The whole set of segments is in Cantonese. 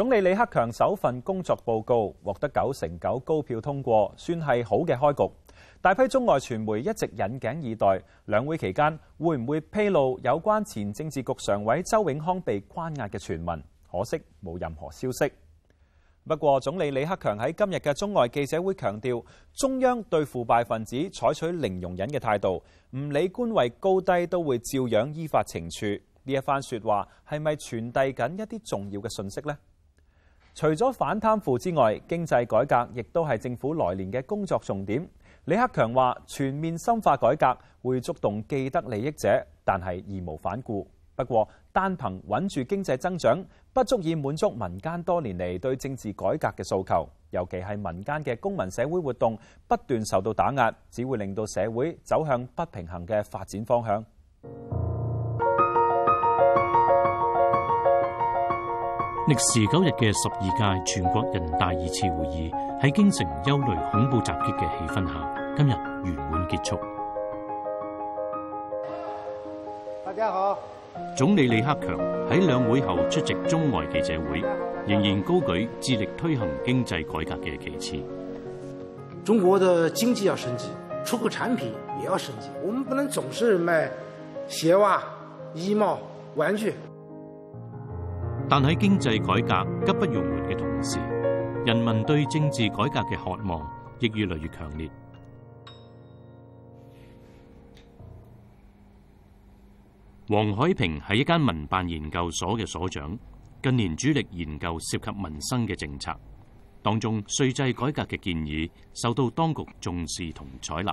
總理李克強首份工作報告獲得九成九高票通過，算係好嘅開局。大批中外傳媒一直引頸以待，兩會期間會唔會披露有關前政治局常委周永康被關押嘅傳聞？可惜冇任何消息。不過，總理李克強喺今日嘅中外記者會強調，中央對腐敗分子採取零容忍嘅態度，唔理官位高低都會照樣依法懲處。呢一番說話係咪傳遞緊一啲重要嘅信息呢？除咗反貪腐之外，經濟改革亦都係政府來年嘅工作重點。李克強話：全面深化改革會觸動既得利益者，但係義無反顧。不過，單憑穩住經濟增長，不足以滿足民間多年嚟對政治改革嘅訴求。尤其係民間嘅公民社會活動不斷受到打壓，只會令到社會走向不平衡嘅發展方向。歷時九日嘅十二屆全國人大二次會議喺京城憂慮恐怖襲擊嘅氣氛下，今日圓滿結束。大家好，總理李克強喺兩會後出席中外記者會，仍然高舉致力推行經濟改革嘅旗幟。中國的經濟要升級，出口產品也要升級，我們不能總是賣鞋襪、衣帽、玩具。但喺經濟改革急不容緩嘅同時，人民對政治改革嘅渴望亦越嚟越強烈。黃海平係一間民辦研究所嘅所長，近年主力研究涉及民生嘅政策，當中稅制改革嘅建議受到當局重視同採納。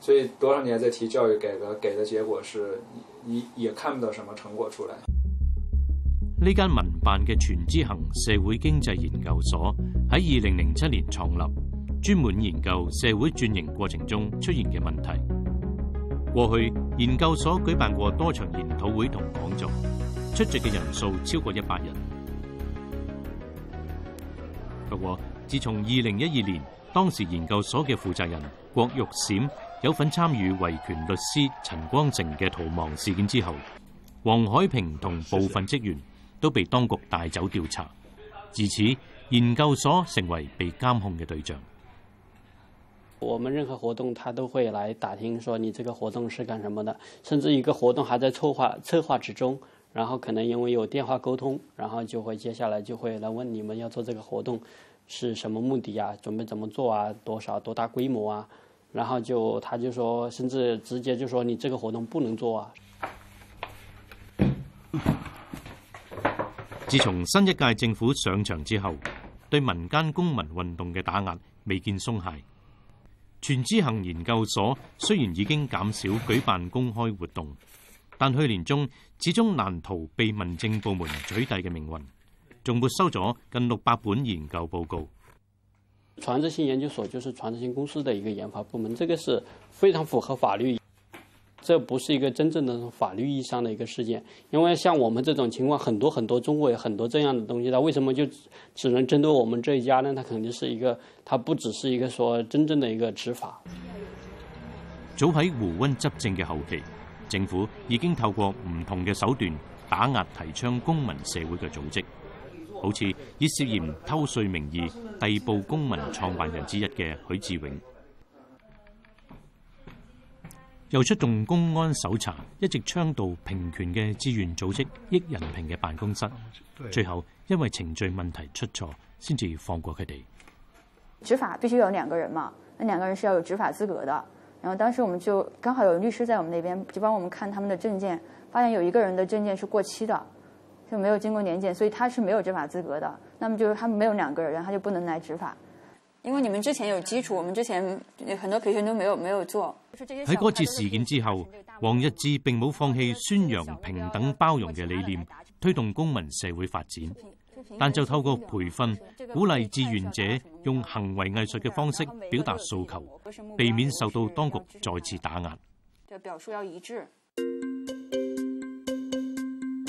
所以多少年在提教育改革，給的結果是，你也，也看不到什麼成果出來。呢間民辦嘅全知行社會經濟研究所喺二零零七年創立，專門研究社會轉型過程中出現嘅問題。過去研究所舉辦過多場研討會同講座，出席嘅人數超過一百人。不過自從二零一二年，當時研究所嘅負責人郭玉閃。有份參與維權律師陳光誠嘅逃亡事件之後，黃海平同部分職員都被當局帶走調查。自此，研究所成為被監控嘅對象。我們任何活動，他都會來打聽，說你這個活動是幹什麼的？甚至一個活動還在策劃策劃之中，然後可能因為有電話溝通，然後就會接下來就會來問你們要做這個活動是什麼目的啊？準備怎麼做啊？多少多大規模啊？然後就，他就說，甚至直接就說你這個活動不能做啊。自從新一屆政府上場之後，對民間公民運動嘅打壓未見鬆懈。全知行研究所雖然已經減少舉辦公開活動，但去年中始終難逃被民政部門取締嘅命運，仲沒收咗近六百本研究報告。傳知行研究所就是傳知行公司的一個研發部門，這個是非常符合法律，這不是一個真正的法律意義上的一個事件，因為像我們這種情況，很多很多中國有很多這樣的東西，他為什麼就只能針對我們這一家呢？他肯定是一個，他不只是一個說真正的一個執法。早喺胡温執政嘅後期，政府已經透過唔同嘅手段打壓提倡公民社會嘅組織。好似以涉嫌偷稅名義逮捕公民創辦人之一嘅許志永，又出動公安搜查一直倡導平權嘅志願組織益仁平嘅辦公室，最後因為程序問題出錯先至放過佢哋。執法必須有兩個人嘛，那兩個人是要有執法資格的。然後當時我們就剛好有律師在我們那邊就幫我們看他們的證件，發現有一個人的證件是過期的。就沒有經過年檢，所以他是沒有執法資格的。那麼就是他沒有兩個人，他就不能來執法。因為你們之前有基礎，我們之前很多培訓都沒有沒有做。喺嗰次事件之後，黃日志並冇放棄宣揚平等包容嘅理念，推動公民社會發展。但就透過培訓，鼓勵志願者用行為藝術嘅方式表達訴求，避免受到當局再次打壓。這表述要一致。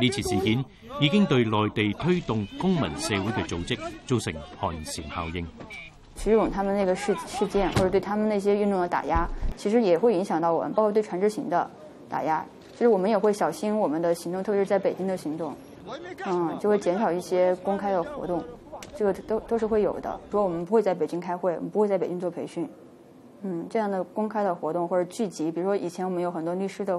呢次事件已經對內地推動公民社會嘅組織造成寒蟬效應。許志永他們那個事事件，或者對他們那些運動的打壓，其實也會影響到我們，包括對傳知行的打壓，其實我們也會小心我們的行動，特別是在北京的行動。嗯，就會減少一些公開的活動，這個都都是會有的。比如我們不會在北京開會，我們不會在北京做培訓。嗯，這樣的公開的活動或者聚集，比如說以前我們有很多律師的。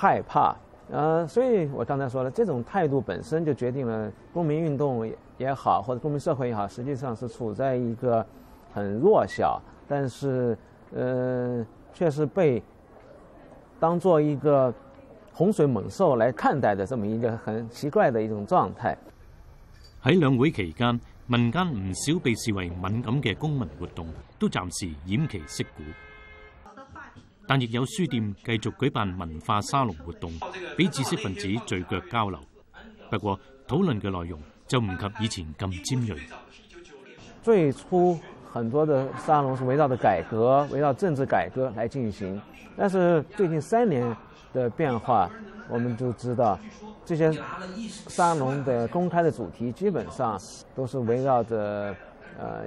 害怕，呃，所以我剛才說了，這種態度本身就決定了公民運動也好，或者公民社會也好，實際上是處在一個很弱小，但是，呃，卻是被當做一個洪水猛獸來看待的這麼一個很奇怪的一種狀態。喺兩會期間，民間唔少被視為敏感嘅公民活動，都暫時偃旗息鼓。但亦有書店繼續舉辦文化沙龍活動，俾知識分子聚腳交流。不過討論嘅內容就唔及以前咁尖鋭。最初很多嘅沙龍是圍繞着改革，圍繞政治改革來進行。但是最近三年嘅變化，我們都知道，這些沙龍的公開的主題基本上都是圍繞着，呃。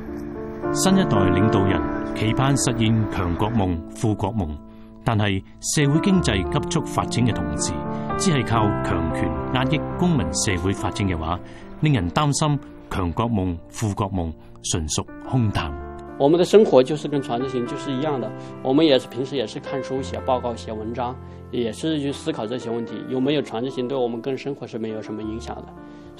新一代領導人期盼實現強國夢、富國夢，但係社會經濟急速發展嘅同時，只係靠強權壓抑，抑公民社會發展嘅話，令人擔心強國夢、富國夢純屬空談。我們的生活就是跟傳知行就是一樣的，我們也是平時也是看書、寫報告、寫文章，也是去思考這些問題，有沒有傳知行，對我們跟生活是沒有什麼影響的。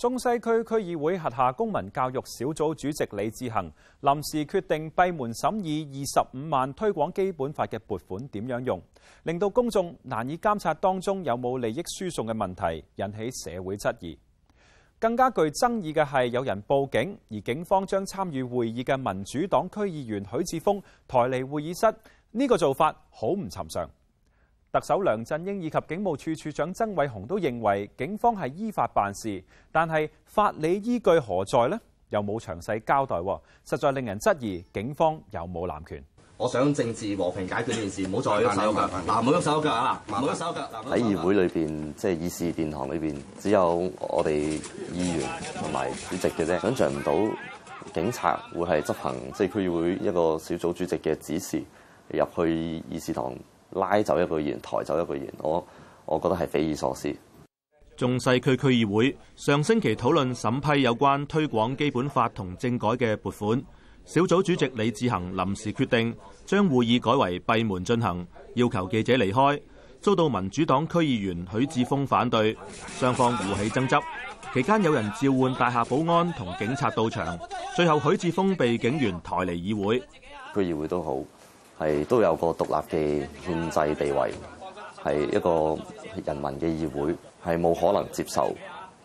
中西區區議會轄下公民教育小組主席李志恒臨時決定閉門審議二十五萬推廣基本法嘅撥款點樣用，令到公眾難以監察當中有冇利益輸送嘅問題，引起社會質疑。更加具爭議嘅係有人報警，而警方將參與會議嘅民主黨區議員許智峯抬離會議室，呢、這個做法好唔尋常。特首梁振英以及警務處處長曾偉雄都認為警方係依法辦事，但係法理依據何在呢？又冇詳細交代，實在令人質疑警方有冇濫權。我想政治和平解決呢件事，唔好再喐手腳。嗱，唔好喐手腳啊！唔好喐手腳。喺議會裏邊，即係議事殿堂裏邊，只有我哋議員同埋主席嘅啫，想象唔到警察會係執行即係區議會一個小組主席嘅指示入去議事堂拉走一個議員，抬走一個議員，我我覺得係匪夷所思。中西區區議會上星期討論審批有關推廣基本法同政改嘅撥款，小組主席李志恒臨時決定將會議改為閉門進行，要求記者離開，遭到民主黨區議員許智峯反對，雙方互起爭執，期間有人召喚大廈保安同警察到場，最後許智峯被警員抬離議會。區議會都好。係都有個獨立嘅憲制地位，係一個人民嘅議會，係冇可能接受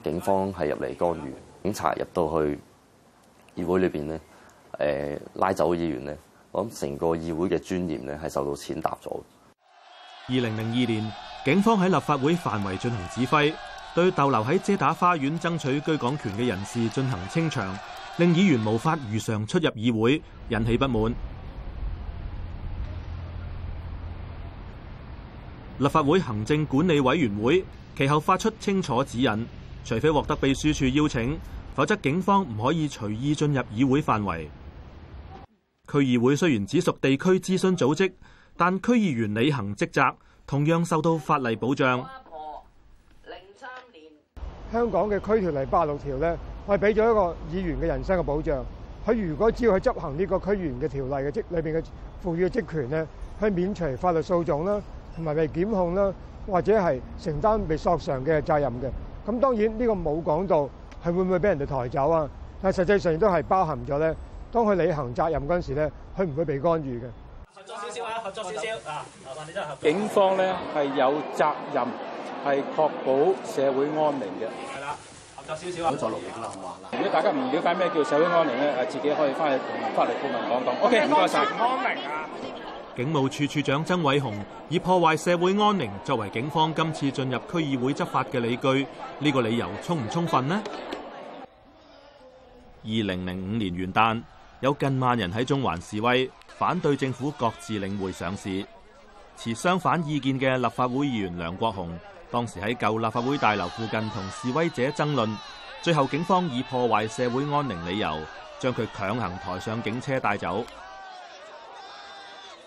警方係入嚟干預，警察入到去議會裏面呢，呃、拉走議員呢。我諗成個議會嘅尊嚴呢，係受到踐踏咗。二零零二年，警方喺立法會範圍進行指揮，對逗留喺遮打花園爭取居港權嘅人士進行清場，令議員無法如常出入議會，引起不滿。立法會行政管理委員會其後發出清楚指引，除非獲得秘書處邀請，否則警方唔可以隨意進入議會範圍。區議會雖然只屬地區諮詢組織，但區議員履行職責同樣受到法例保障。零三年香港嘅區條例八六條呢，我哋俾咗一個議員嘅人身嘅保障。佢如果只要去執行呢個區議員嘅條例嘅職裏邊嘅賦予嘅職權呢，去免除法律訴訟啦。同埋被檢控啦，或者係承擔被索償嘅責任嘅。咁當然呢個冇講到係會唔會俾人哋抬走啊。但實際上都係包含咗咧。當佢履行責任嗰時咧，佢唔會被干預嘅。合作少少啊，合作少少啊，合警方咧係有責任係確保社會安寧嘅。係啦，合作少少啊。合作錄影啦，啦。如果大家唔瞭解咩叫社會安寧咧，誒自己可以翻去同法律顧問講講。OK，唔該晒啊。警務處處長曾偉雄以破壞社會安寧作為警方今次進入區議會執法嘅理據，呢個理由充唔充分呢？二零零五年元旦有近萬人喺中環示威，反對政府擱置領匯上市。持相反意見嘅立法會議員梁國雄當時喺舊立法會大樓附近同示威者爭論，最後警方以破壞社會安寧理由將佢強行抬上警車帶走。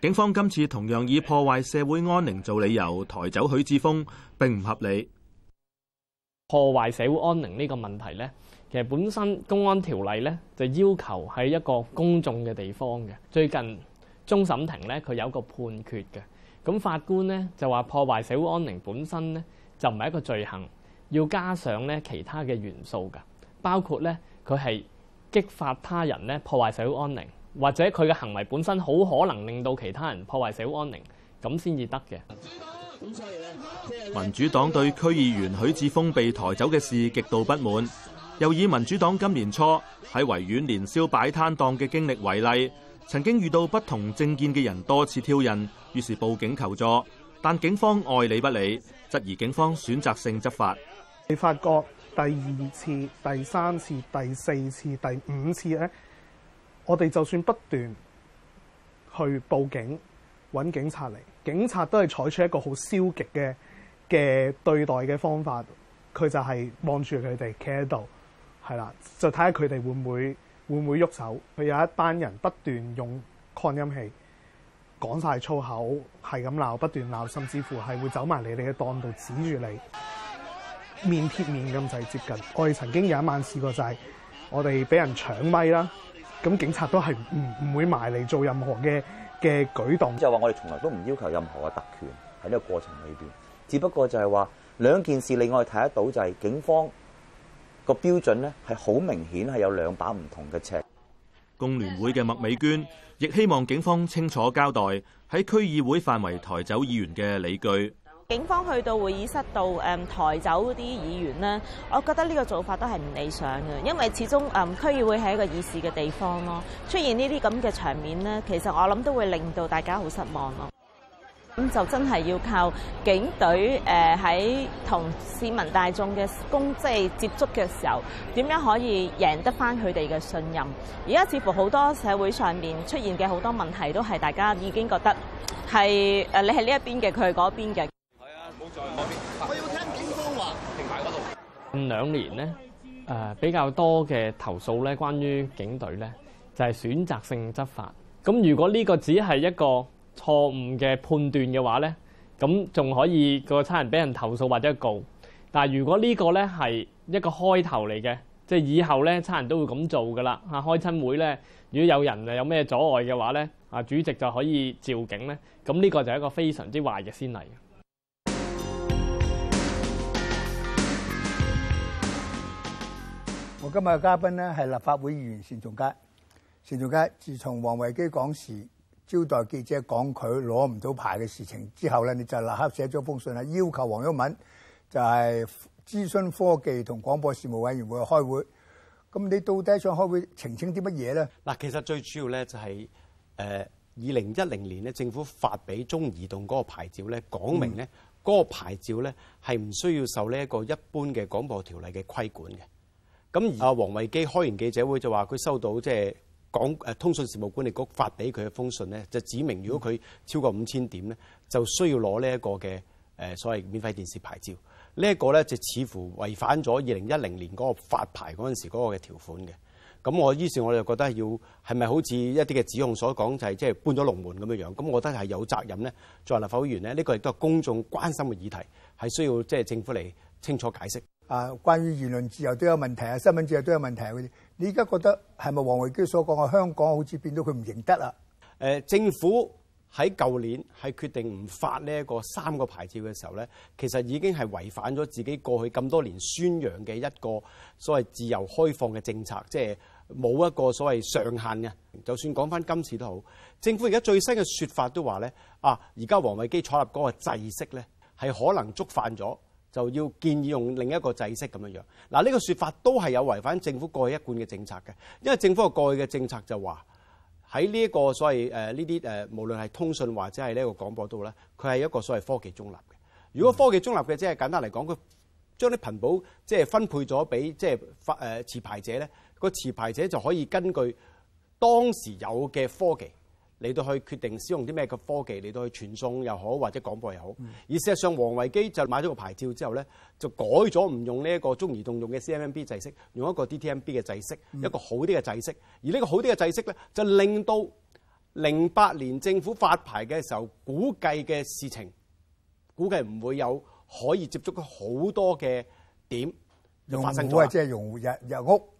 警方今次同樣以破壞社會安寧做理由抬走許智峯，並唔合理。破壞社會安寧呢個問題呢，其實本身公安條例呢，就要求喺一個公眾嘅地方嘅。最近終審庭呢，佢有一個判決嘅，咁法官呢，就話破壞社會安寧本身呢，就唔係一個罪行，要加上呢其他嘅元素㗎，包括呢，佢係激發他人呢，破壞社會安寧。或者佢嘅行為本身好可能令到其他人破壞社會安寧，咁先至得嘅。民主黨，咁所以咧，民主黨對區議員許智峯被抬走嘅事極度不滿，又以民主黨今年初喺維園年宵擺攤檔嘅經歷為例，曾經遇到不同政見嘅人多次挑釁，於是報警求助，但警方愛理不理，質疑警方選擇性執法。你發覺第二次、第三次、第四次、第五次呢我哋就算不斷去報警揾警察嚟，警察都係採取一個好消極嘅嘅對待嘅方法，佢就係望住佢哋企喺度，係啦，就睇下佢哋會唔會會唔會喐手。佢有一班人不斷用擴音器講晒粗口，係咁鬧，不斷鬧，甚至乎係會走埋你哋嘅檔度指住你，面貼面咁就係接近。我哋曾經有一晚試過就係我哋俾人搶咪啦。咁警察都係唔唔會埋嚟做任何嘅嘅舉動，即係話我哋從來都唔要求任何嘅特權喺呢個過程裏邊，只不過就係話兩件事，令我哋睇得到就係警方個標準咧係好明顯係有兩把唔同嘅尺。工聯會嘅麥美娟亦希望警方清楚交代喺區議會範圍抬走議員嘅理據。警方去到會議室度，誒、嗯，抬走啲議員咧，我覺得呢個做法都係唔理想嘅，因為始終誒區議會係一個議事嘅地方咯。出現呢啲咁嘅場面咧，其實我諗都會令到大家好失望咯。咁就真係要靠警隊誒喺同市民大眾嘅公即、就是、接觸嘅時候，點樣可以贏得翻佢哋嘅信任？而家似乎好多社會上面出現嘅好多問題，都係大家已經覺得係誒你係呢一邊嘅，佢係嗰邊嘅。在我要聽警方話度、啊、近兩年咧，誒、呃、比較多嘅投訴咧，關於警隊咧，就係、是、選擇性執法。咁如果呢個只係一個錯誤嘅判斷嘅話咧，咁仲可以個差人俾人投訴或者告。但係如果呢個咧係一個開頭嚟嘅，即、就、係、是、以後咧差人都會咁做噶啦。啊，開親會咧，如果有人誒有咩阻礙嘅話咧，啊主席就可以召警咧。咁呢個就係一個非常之壞嘅先例。今日嘅嘉賓咧係立法會議員單仲偕。單仲偕，自從王維基講時招待記者講佢攞唔到牌嘅事情之後咧，你就立刻寫咗封信啊，要求黃毓民就係資訊科技同廣播事務委員會開會。咁你到底想開會澄清啲乜嘢咧？嗱，其實最主要咧就係誒二零一零年咧，政府發俾中移動嗰個牌照咧，講明咧嗰個牌照咧係唔需要受呢一個一般嘅廣播條例嘅規管嘅。咁而阿王維基開完記者會就話佢收到，即係講誒通訊事務管理局發俾佢嘅封信咧，就指明如果佢超過五千點咧，就需要攞呢一個嘅誒所謂免費電視牌照。呢一個咧就似乎違反咗二零一零年嗰個發牌嗰陣時嗰個嘅條款嘅。咁我於是我就覺得要係咪好似一啲嘅指控所講就係即係搬咗龍門咁樣樣？咁我覺得係有責任咧，作為立法會議員咧，呢個亦都係公眾關心嘅議題，係需要即係政府嚟清楚解釋。啊，關於言論自由都有問題啊，新聞自由都有問題啲。你而家覺得係咪王維基所講嘅香港好似變到佢唔認得啦？誒、呃，政府喺舊年係決定唔發呢一個三個牌照嘅時候咧，其實已經係違反咗自己過去咁多年宣揚嘅一個所謂自由開放嘅政策，即係冇一個所謂上限嘅。就算講翻今次都好，政府而家最新嘅説法都話咧，啊，而家王維基採納嗰個制式咧，係可能觸犯咗。就要建議用另一個制式咁樣樣嗱，呢個説法都係有違反政府過去一貫嘅政策嘅，因為政府嘅過去嘅政策就話喺呢一個所謂誒呢啲誒，無論係通訊或者係呢個廣播度，咧，佢係一個所謂科技中立嘅。如果科技中立嘅，即係簡單嚟講，佢將啲頻譜即係分配咗俾即係發誒持牌者咧，個持牌者就可以根據當時有嘅科技。你都可以決定使用啲咩嘅科技嚟到去傳送又好或者廣播又好。嗯、而事實上，王維基就買咗個牌照之後咧，就改咗唔用呢一個中移動用嘅 CMMB 制式，用一個 DTMB 嘅制式，一個好啲嘅制式。嗯、而呢個好啲嘅制式咧，就令到零八年政府發牌嘅時候，估計嘅事情，估計唔會有可以接觸好多嘅點就發生咗啊！用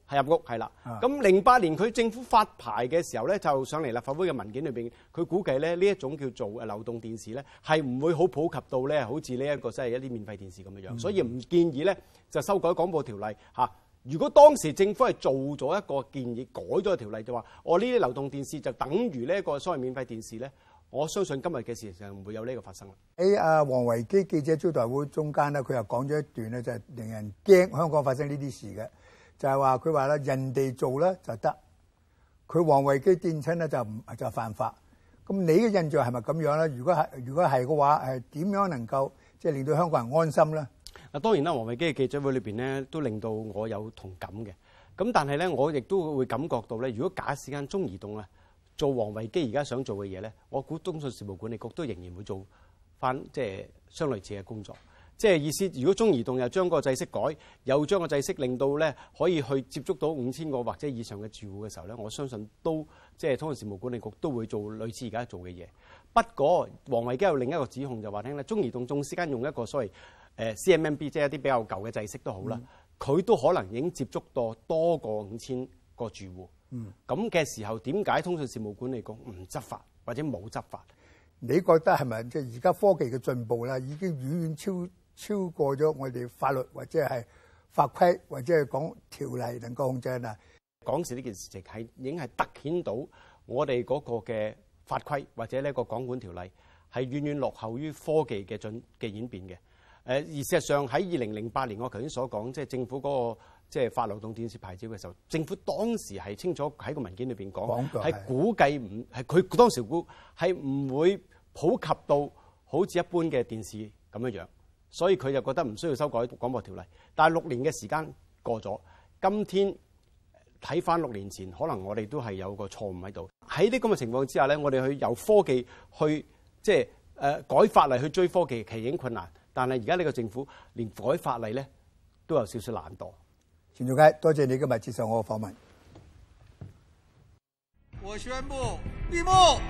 係入屋，係啦。咁零八年佢政府發牌嘅時候咧，就上嚟立法會嘅文件裏邊，佢估計咧，呢一種叫做誒流動電視咧，係唔會好普及到咧，好似呢一個即係一啲免費電視咁嘅樣。所以唔建議咧就修改廣播條例嚇。如果當時政府係做咗一個建議，改咗條例，就話我呢啲流動電視就等於呢一個所謂免費電視咧，我相信今日嘅事情就唔會有呢個發生啦。喺阿王維基記者招待會中間咧，佢又講咗一段咧，就係令人驚香港發生呢啲事嘅。就係話佢話啦，人哋做咧就得，佢王維基電親咧就唔就犯法。咁你嘅印象係咪咁樣咧？如果係如果係嘅話，誒點樣能夠即係令到香港人安心咧？啊當然啦，王維基嘅記者會裏邊咧都令到我有同感嘅。咁但係咧，我亦都會感覺到咧，如果假使間中移動啊做王維基而家想做嘅嘢咧，我估通訊事務管理局都仍然會做翻即係相類似嘅工作。即係意思是，如果中移動又將個制式改，又將個制式令到咧可以去接觸到五千個或者以上嘅住戶嘅時候咧，我相信都即係通訊事務管理局都會做類似而家做嘅嘢。不過王維基有另一個指控就話聽咧，中移動仲私間用一個所謂 CMMB 即係一啲比較舊嘅制式都好啦，佢、嗯、都可能已經接觸到多過五千個住戶。嗯，咁嘅時候點解通訊事務管理局唔執法或者冇執法？執法，你覺得係咪即係而家科技嘅進步啦，已經遠遠超？超過咗我哋法律或者係法規，或者係講條例能夠控制啦。港視呢件事情係已經係凸顯到我哋嗰個嘅法規或者呢個港管條例係遠遠落後於科技嘅進嘅演變嘅。誒而事實上喺二零零八年，我頭先所講即係政府嗰、嗰個即係發流動電視牌照嘅時候，政府當時係清楚喺個文件裏邊講係估計唔係佢當時估係唔會普及到好似一般嘅電視咁樣樣。所以佢就覺得唔需要修改《廣播條例》，但係六年嘅時間過咗，今天睇翻六年前，可能我哋都係有個錯誤喺度。喺呢咁嘅情況之下咧，我哋去由科技去即係誒、呃、改法例去追科技，其實已經困難。但係而家呢個政府連改法例咧都有少少懶惰。單仲偕，多謝你今日接受我嘅訪問。我宣布閉幕。